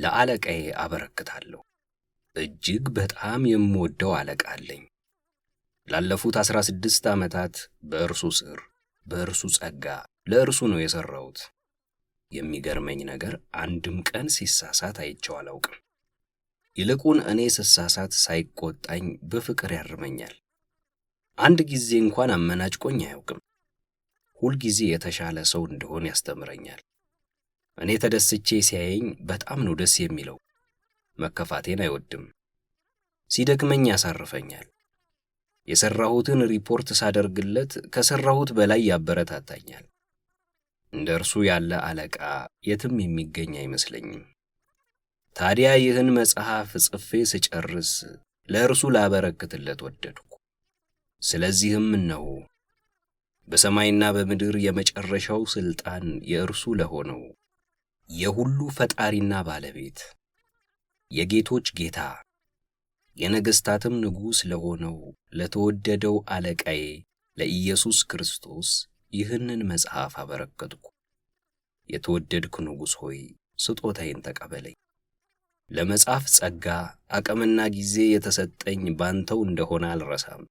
ለአለቃዬ አበረክታለሁ። እጅግ በጣም የምወደው አለቃ አለኝ። ላለፉት አስራ ስድስት ዓመታት በእርሱ ስር፣ በእርሱ ጸጋ፣ ለእርሱ ነው የሠራሁት። የሚገርመኝ ነገር አንድም ቀን ሲሳሳት አይቼው አላውቅም። ይልቁን እኔ ስሳሳት ሳይቆጣኝ በፍቅር ያርመኛል። አንድ ጊዜ እንኳን አመናጭቆኝ አያውቅም። ሁልጊዜ የተሻለ ሰው እንደሆን ያስተምረኛል። እኔ ተደስቼ ሲያየኝ በጣም ነው ደስ የሚለው። መከፋቴን አይወድም። ሲደክመኝ ያሳርፈኛል። የሰራሁትን ሪፖርት ሳደርግለት ከሰራሁት በላይ ያበረታታኛል። እንደ እርሱ ያለ አለቃ የትም የሚገኝ አይመስለኝም። ታዲያ ይህን መጽሐፍ ጽፌ ስጨርስ ለእርሱ ላበረክትለት ወደድኩ። ስለዚህም እነሆ በሰማይና በምድር የመጨረሻው ሥልጣን የእርሱ ለሆነው የሁሉ ፈጣሪና ባለቤት የጌቶች ጌታ የነገሥታትም ንጉሥ ለሆነው ለተወደደው አለቃዬ ለኢየሱስ ክርስቶስ ይህንን መጽሐፍ አበረከትኩ። የተወደድክ ንጉሥ ሆይ ስጦታዬን ተቀበለኝ። ለመጽሐፍ ጸጋ፣ አቅምና ጊዜ የተሰጠኝ ባንተው እንደሆነ አልረሳም።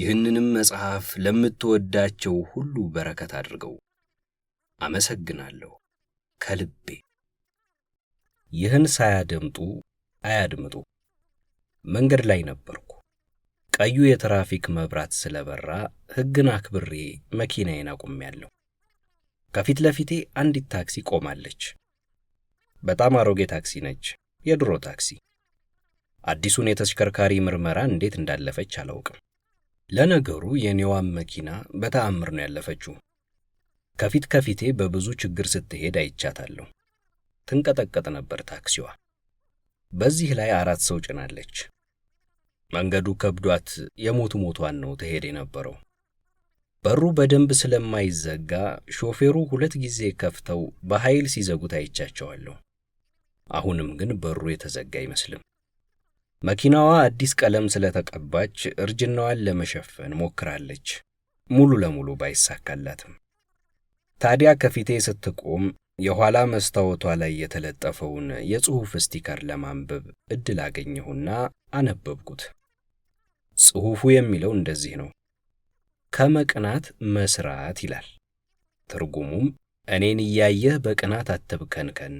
ይህንንም መጽሐፍ ለምትወዳቸው ሁሉ በረከት አድርገው። አመሰግናለሁ። ከልቤ። ይህን ሳያደምጡ አያድምጡ። መንገድ ላይ ነበርኩ። ቀዩ የትራፊክ መብራት ስለበራ ሕግን አክብሬ መኪናዬን አቁሜያለሁ። ከፊት ለፊቴ አንዲት ታክሲ ቆማለች። በጣም አሮጌ ታክሲ ነች፣ የድሮ ታክሲ። አዲሱን የተሽከርካሪ ምርመራ እንዴት እንዳለፈች አላውቅም። ለነገሩ የኔዋም መኪና በተአምር ነው ያለፈችው። ከፊት ከፊቴ በብዙ ችግር ስትሄድ አይቻታለሁ። ትንቀጠቀጥ ነበር ታክሲዋ። በዚህ ላይ አራት ሰው ጭናለች። መንገዱ ከብዷት የሞቱ ሞቷን ነው ትሄድ የነበረው። በሩ በደንብ ስለማይዘጋ ሾፌሩ ሁለት ጊዜ ከፍተው በኃይል ሲዘጉት አይቻቸዋለሁ። አሁንም ግን በሩ የተዘጋ አይመስልም። መኪናዋ አዲስ ቀለም ስለተቀባች እርጅናዋን ለመሸፈን ሞክራለች፣ ሙሉ ለሙሉ ባይሳካላትም። ታዲያ ከፊቴ ስትቆም የኋላ መስታወቷ ላይ የተለጠፈውን የጽሑፍ ስቲከር ለማንበብ ዕድል አገኘሁና አነበብኩት። ጽሑፉ የሚለው እንደዚህ ነው። ከመቅናት መስራት ይላል። ትርጉሙም እኔን እያየህ በቅናት አትብከንከን፣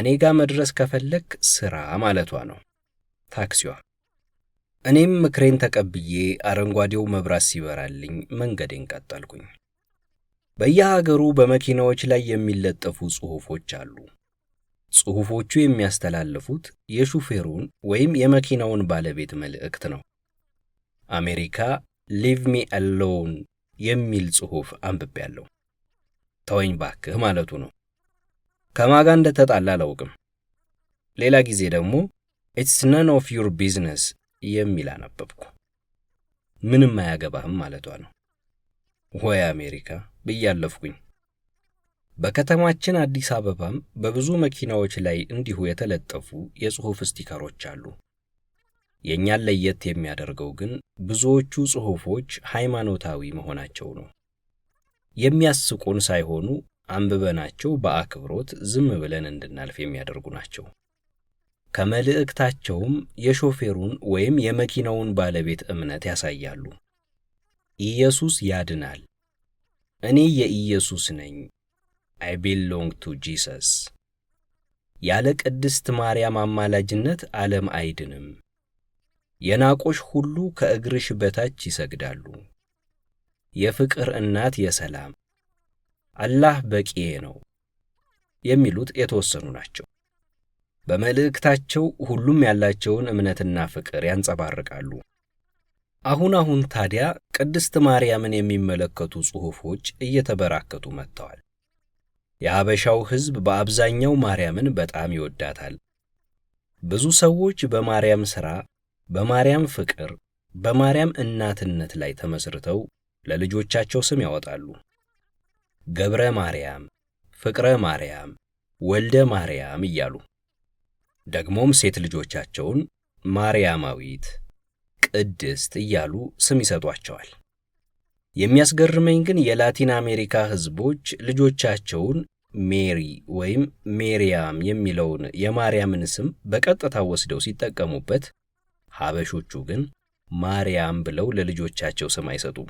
እኔ ጋር መድረስ ከፈለክ ሥራ ማለቷ ነው። ታክሲዋ እኔም ምክሬን ተቀብዬ አረንጓዴው መብራት ሲበራልኝ መንገዴን ቀጠልኩኝ። በየሀገሩ በመኪናዎች ላይ የሚለጠፉ ጽሑፎች አሉ። ጽሑፎቹ የሚያስተላልፉት የሹፌሩን ወይም የመኪናውን ባለቤት መልእክት ነው። አሜሪካ ሊቭ ሚ አሎን የሚል ጽሑፍ አንብቤያለሁ። ተወኝ ባክህ ማለቱ ነው። ከማጋ እንደተጣላ አላውቅም። ሌላ ጊዜ ደግሞ ኢትስ ነን ኦፍ ዩር ቢዝነስ የሚል አነበብኩ። ምንም አያገባህም ማለቷ ነው። ወይ አሜሪካ ብያለፍኩኝ። በከተማችን አዲስ አበባም በብዙ መኪናዎች ላይ እንዲሁ የተለጠፉ የጽሑፍ ስቲከሮች አሉ። የእኛን ለየት የሚያደርገው ግን ብዙዎቹ ጽሑፎች ሃይማኖታዊ መሆናቸው ነው። የሚያስቁን ሳይሆኑ አንብበናቸው በአክብሮት ዝም ብለን እንድናልፍ የሚያደርጉ ናቸው። ከመልእክታቸውም የሾፌሩን ወይም የመኪናውን ባለቤት እምነት ያሳያሉ። ኢየሱስ ያድናል እኔ የኢየሱስ ነኝ። አይ ቢሎንግ ቱ ጂሰስ። ያለ ቅድስት ማርያም አማላጅነት ዓለም አይድንም። የናቆሽ ሁሉ ከእግርሽ በታች ይሰግዳሉ። የፍቅር እናት፣ የሰላም አላህ በቂዬ ነው የሚሉት የተወሰኑ ናቸው። በመልእክታቸው ሁሉም ያላቸውን እምነትና ፍቅር ያንጸባርቃሉ። አሁን አሁን ታዲያ ቅድስት ማርያምን የሚመለከቱ ጽሑፎች እየተበራከቱ መጥተዋል። የሐበሻው ሕዝብ በአብዛኛው ማርያምን በጣም ይወዳታል። ብዙ ሰዎች በማርያም ሥራ፣ በማርያም ፍቅር፣ በማርያም እናትነት ላይ ተመስርተው ለልጆቻቸው ስም ያወጣሉ። ገብረ ማርያም፣ ፍቅረ ማርያም፣ ወልደ ማርያም እያሉ ደግሞም ሴት ልጆቻቸውን ማርያማዊት ቅድስት እያሉ ስም ይሰጧቸዋል። የሚያስገርመኝ ግን የላቲን አሜሪካ ሕዝቦች ልጆቻቸውን ሜሪ ወይም ሜሪያም የሚለውን የማርያምን ስም በቀጥታ ወስደው ሲጠቀሙበት፣ ሀበሾቹ ግን ማርያም ብለው ለልጆቻቸው ስም አይሰጡም።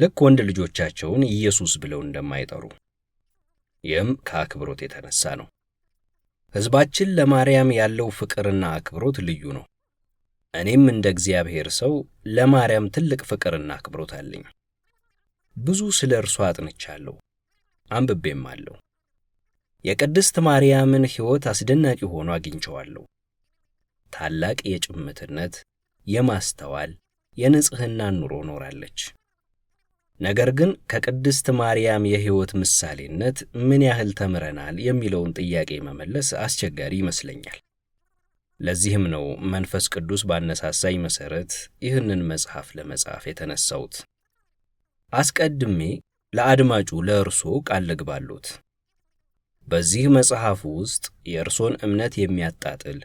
ልክ ወንድ ልጆቻቸውን ኢየሱስ ብለው እንደማይጠሩ፣ ይህም ከአክብሮት የተነሳ ነው። ሕዝባችን ለማርያም ያለው ፍቅርና አክብሮት ልዩ ነው። እኔም እንደ እግዚአብሔር ሰው ለማርያም ትልቅ ፍቅርና አክብሮት አለኝ። ብዙ ስለ እርሷ አጥንቻለሁ፣ አንብቤም አለሁ። የቅድስት ማርያምን ሕይወት አስደናቂ ሆኖ አግኝቸዋለሁ። ታላቅ የጭምትነት፣ የማስተዋል፣ የንጽሕና ኑሮ ኖራለች። ነገር ግን ከቅድስት ማርያም የሕይወት ምሳሌነት ምን ያህል ተምረናል የሚለውን ጥያቄ መመለስ አስቸጋሪ ይመስለኛል። ለዚህም ነው መንፈስ ቅዱስ ባነሳሳኝ መሠረት ይህንን መጽሐፍ ለመጻፍ የተነሳሁት። አስቀድሜ ለአድማጩ ለእርሶ ቃል ልግባሎት። በዚህ መጽሐፍ ውስጥ የእርሶን እምነት የሚያጣጥል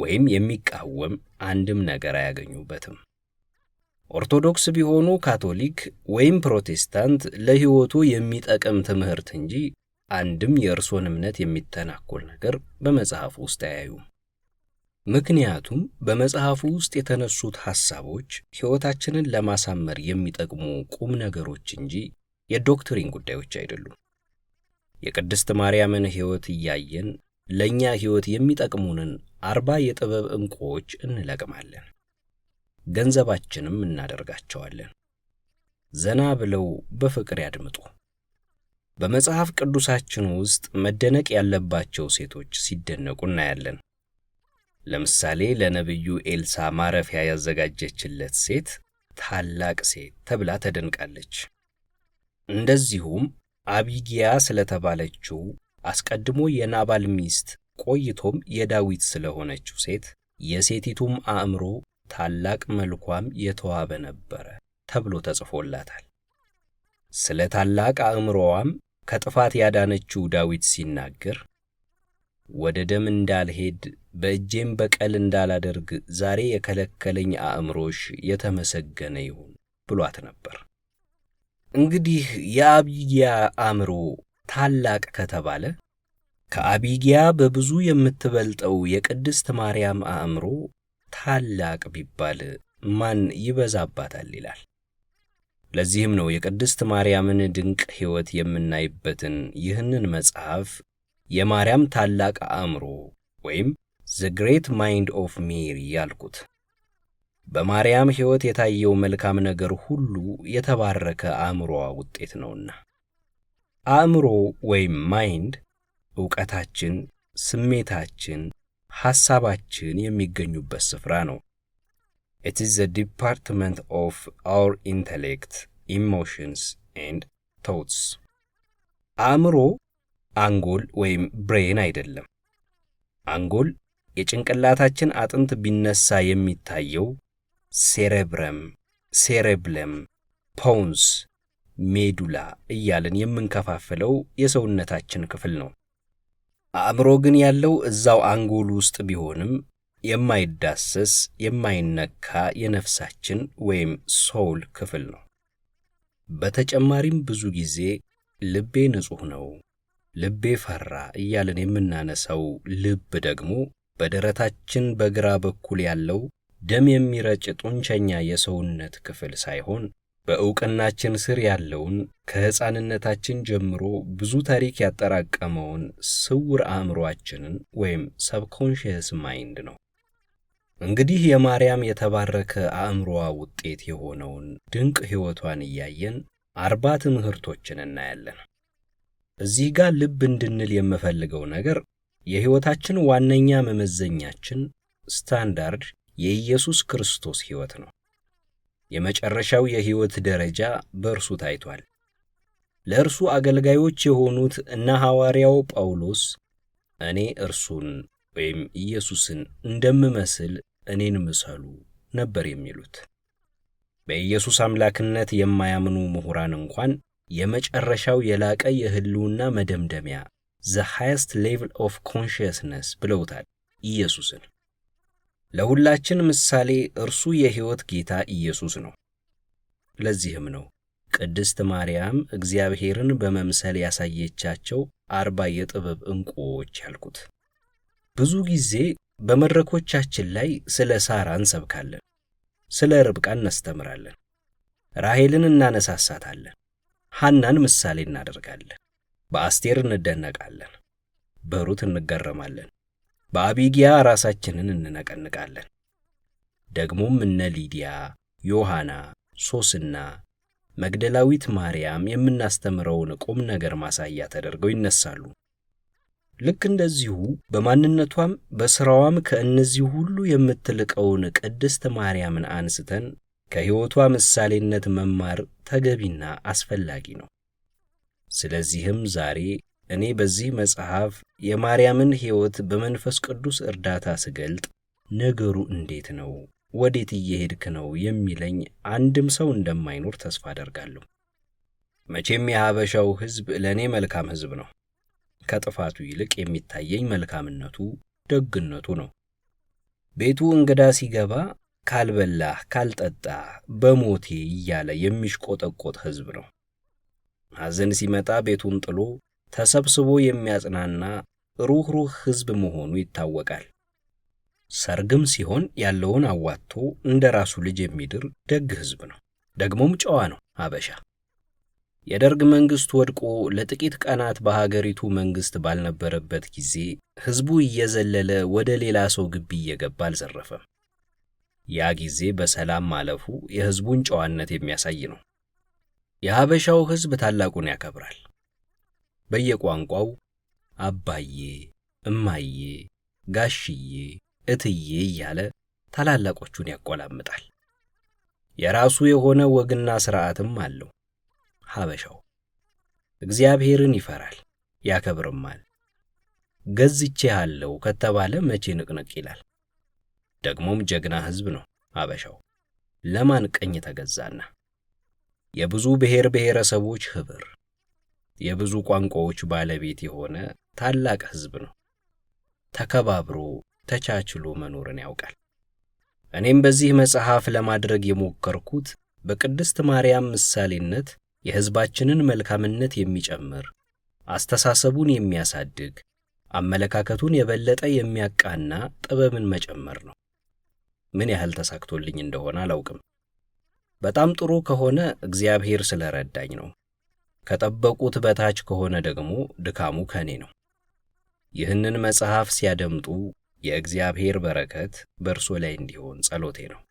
ወይም የሚቃወም አንድም ነገር አያገኙበትም። ኦርቶዶክስ ቢሆኑ ካቶሊክ ወይም ፕሮቴስታንት ለሕይወቱ የሚጠቅም ትምህርት እንጂ አንድም የእርሶን እምነት የሚተናኮል ነገር በመጽሐፍ ውስጥ አያዩም። ምክንያቱም በመጽሐፉ ውስጥ የተነሱት ሐሳቦች ሕይወታችንን ለማሳመር የሚጠቅሙ ቁም ነገሮች እንጂ የዶክትሪን ጉዳዮች አይደሉም። የቅድስት ማርያምን ሕይወት እያየን ለእኛ ሕይወት የሚጠቅሙንን አርባ የጥበብ ዕንቁዎች እንለቅማለን፣ ገንዘባችንም እናደርጋቸዋለን። ዘና ብለው በፍቅር ያድምጡ። በመጽሐፍ ቅዱሳችን ውስጥ መደነቅ ያለባቸው ሴቶች ሲደነቁ እናያለን። ለምሳሌ ለነቢዩ ኤልሳ ማረፊያ ያዘጋጀችለት ሴት ታላቅ ሴት ተብላ ተደንቃለች። እንደዚሁም አቢጊያ ስለተባለችው አስቀድሞ የናባል ሚስት ቆይቶም የዳዊት ስለሆነችው ሴት የሴቲቱም አእምሮ ታላቅ መልኳም የተዋበ ነበረ ተብሎ ተጽፎላታል። ስለ ታላቅ አእምሮዋም ከጥፋት ያዳነችው ዳዊት ሲናገር ወደ ደም እንዳልሄድ በእጄም በቀል እንዳላደርግ ዛሬ የከለከለኝ አእምሮሽ የተመሰገነ ይሁን ብሏት ነበር። እንግዲህ የአቢጊያ አእምሮ ታላቅ ከተባለ ከአቢጊያ በብዙ የምትበልጠው የቅድስት ማርያም አእምሮ ታላቅ ቢባል ማን ይበዛባታል ይላል። ለዚህም ነው የቅድስት ማርያምን ድንቅ ሕይወት የምናይበትን ይህንን መጽሐፍ የማርያም ታላቅ አእምሮ ወይም ዘ ግሬት ማይንድ ኦፍ ሜሪ ያልኩት በማርያም ሕይወት የታየው መልካም ነገር ሁሉ የተባረከ አእምሮዋ ውጤት ነውና። አእምሮ ወይም ማይንድ ዕውቀታችን፣ ስሜታችን፣ ሐሳባችን የሚገኙበት ስፍራ ነው። ኢት ኢዝ ዘ ዲፓርትመንት ኦፍ አውር ኢንተሌክት ኢሞሽንስ ኤንድ ቶትስ። አእምሮ አንጎል ወይም ብሬን አይደለም። አንጎል የጭንቅላታችን አጥንት ቢነሳ የሚታየው ሴሬብረም፣ ሴሬብለም፣ ፖንስ፣ ሜዱላ እያልን የምንከፋፍለው የሰውነታችን ክፍል ነው። አእምሮ ግን ያለው እዛው አንጎል ውስጥ ቢሆንም የማይዳሰስ የማይነካ የነፍሳችን ወይም ሶውል ክፍል ነው። በተጨማሪም ብዙ ጊዜ ልቤ ንጹሕ ነው ልቤ ፈራ እያለን የምናነሳው ልብ ደግሞ በደረታችን በግራ በኩል ያለው ደም የሚረጭ ጡንቸኛ የሰውነት ክፍል ሳይሆን በእውቅናችን ስር ያለውን ከሕፃንነታችን ጀምሮ ብዙ ታሪክ ያጠራቀመውን ስውር አእምሮአችንን ወይም ሰብኮንሽየስ ማይንድ ነው። እንግዲህ የማርያም የተባረከ አእምሮዋ ውጤት የሆነውን ድንቅ ሕይወቷን እያየን አርባ ትምህርቶችን እናያለን። እዚህ ጋር ልብ እንድንል የምፈልገው ነገር የሕይወታችን ዋነኛ መመዘኛችን ስታንዳርድ የኢየሱስ ክርስቶስ ሕይወት ነው። የመጨረሻው የሕይወት ደረጃ በእርሱ ታይቷል። ለእርሱ አገልጋዮች የሆኑት እነ ሐዋርያው ጳውሎስ እኔ እርሱን ወይም ኢየሱስን እንደምመስል እኔን ምሰሉ ነበር የሚሉት። በኢየሱስ አምላክነት የማያምኑ ምሁራን እንኳን የመጨረሻው የላቀ የህልውና መደምደሚያ ዘ ሃይስት ሌቭል ኦፍ ኮንሽየስነስ ብለውታል ኢየሱስን። ለሁላችን ምሳሌ እርሱ የሕይወት ጌታ ኢየሱስ ነው። ለዚህም ነው ቅድስት ማርያም እግዚአብሔርን በመምሰል ያሳየቻቸው አርባ የጥበብ ዕንቁዎች ያልኩት። ብዙ ጊዜ በመድረኮቻችን ላይ ስለ ሳራ እንሰብካለን፣ ስለ ርብቃ እናስተምራለን፣ ራሔልን እናነሳሳታለን። ሐናን ምሳሌ እናደርጋለን። በአስቴር እንደነቃለን፣ በሩት እንገረማለን፣ በአቢጊያ ራሳችንን እንነቀንቃለን። ደግሞም እነ ሊዲያ፣ ዮሐና፣ ሶስና፣ መግደላዊት ማርያም የምናስተምረውን ቁም ነገር ማሳያ ተደርገው ይነሳሉ። ልክ እንደዚሁ በማንነቷም በሥራዋም ከእነዚህ ሁሉ የምትልቀውን ቅድስት ማርያምን አንስተን ከሕይወቷ ምሳሌነት መማር ተገቢና አስፈላጊ ነው። ስለዚህም ዛሬ እኔ በዚህ መጽሐፍ የማርያምን ሕይወት በመንፈስ ቅዱስ እርዳታ ስገልጥ ነገሩ እንዴት ነው፣ ወዴት እየሄድክ ነው የሚለኝ አንድም ሰው እንደማይኖር ተስፋ አደርጋለሁ። መቼም የሐበሻው ሕዝብ ለእኔ መልካም ሕዝብ ነው። ከጥፋቱ ይልቅ የሚታየኝ መልካምነቱ፣ ደግነቱ ነው። ቤቱ እንግዳ ሲገባ ካልበላህ ካልጠጣህ በሞቴ እያለ የሚሽቆጠቆጥ ሕዝብ ነው። ሐዘን ሲመጣ ቤቱን ጥሎ ተሰብስቦ የሚያጽናና ሩኅሩህ ሕዝብ መሆኑ ይታወቃል። ሰርግም ሲሆን ያለውን አዋጥቶ እንደ ራሱ ልጅ የሚድር ደግ ሕዝብ ነው። ደግሞም ጨዋ ነው አበሻ። የደርግ መንግሥት ወድቆ ለጥቂት ቀናት በሀገሪቱ መንግሥት ባልነበረበት ጊዜ ሕዝቡ እየዘለለ ወደ ሌላ ሰው ግቢ እየገባ አልዘረፈም። ያ ጊዜ በሰላም ማለፉ የሕዝቡን ጨዋነት የሚያሳይ ነው። የሐበሻው ሕዝብ ታላቁን ያከብራል። በየቋንቋው አባዬ፣ እማዬ፣ ጋሽዬ፣ እትዬ እያለ ታላላቆቹን ያቆላምጣል። የራሱ የሆነ ወግና ሥርዓትም አለው። ሐበሻው እግዚአብሔርን ይፈራል ያከብርማል። ገዝቼ አለው ከተባለ መቼ ንቅንቅ ይላል። ደግሞም ጀግና ሕዝብ ነው አበሻው። ለማን ቀኝ ተገዛና? የብዙ ብሔር ብሔረሰቦች ኅብር፣ የብዙ ቋንቋዎች ባለቤት የሆነ ታላቅ ሕዝብ ነው። ተከባብሮ ተቻችሎ መኖርን ያውቃል። እኔም በዚህ መጽሐፍ ለማድረግ የሞከርኩት በቅድስት ማርያም ምሳሌነት የሕዝባችንን መልካምነት የሚጨምር አስተሳሰቡን የሚያሳድግ አመለካከቱን የበለጠ የሚያቃና ጥበብን መጨመር ነው። ምን ያህል ተሳክቶልኝ እንደሆነ አላውቅም። በጣም ጥሩ ከሆነ እግዚአብሔር ስለረዳኝ ነው። ከጠበቁት በታች ከሆነ ደግሞ ድካሙ ከኔ ነው። ይህንን መጽሐፍ ሲያደምጡ የእግዚአብሔር በረከት በእርሶ ላይ እንዲሆን ጸሎቴ ነው።